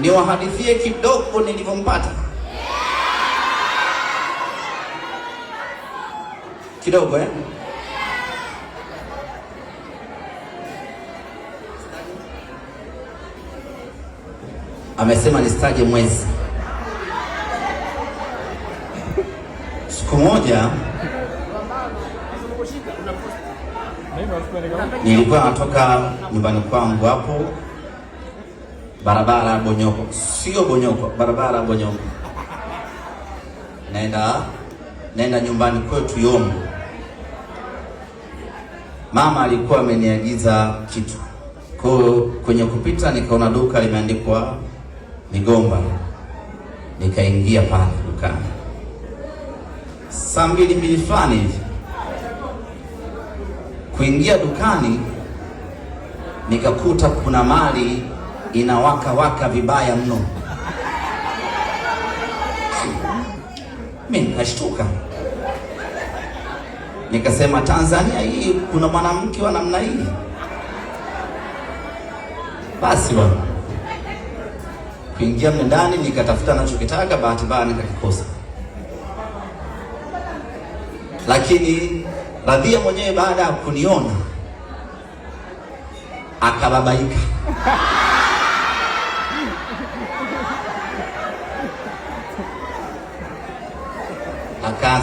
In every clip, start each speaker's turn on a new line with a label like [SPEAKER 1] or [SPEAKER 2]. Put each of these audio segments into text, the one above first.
[SPEAKER 1] niwahadithie kidogo nilivyompata kidogo eh? Amesema nistaje mwezi. Siku moja nilikuwa natoka nyumbani kwangu hapo barabara ya Bonyoko, sio Bonyoko, barabara ya Bonyoko. Naenda naenda nyumbani kwetu Yombo, mama alikuwa ameniagiza kitu kwa kwenye kupita, nikaona duka limeandikwa migomba, nikaingia pale dukani saa mbili mbili fulani hivi kuingia dukani nikakuta kuna mali waka vibaya mno. Mimi nikashtuka nikasema, Tanzania hii kuna mwanamke wa namna hii? Basi bwana, kuingia ndani nikatafuta nachokitaka, bahati mbaya nikakikosa, lakini Radhia mwenyewe baada ya kuniona akababaika. Akaa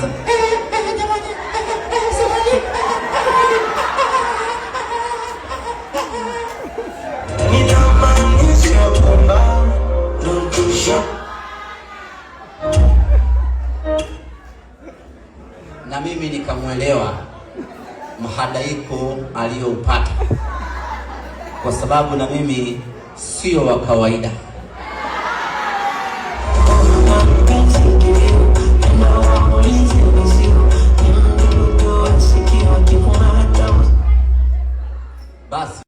[SPEAKER 1] na mimi nikamwelewa mhadaiko aliyoupata, kwa sababu na mimi sio wa kawaida.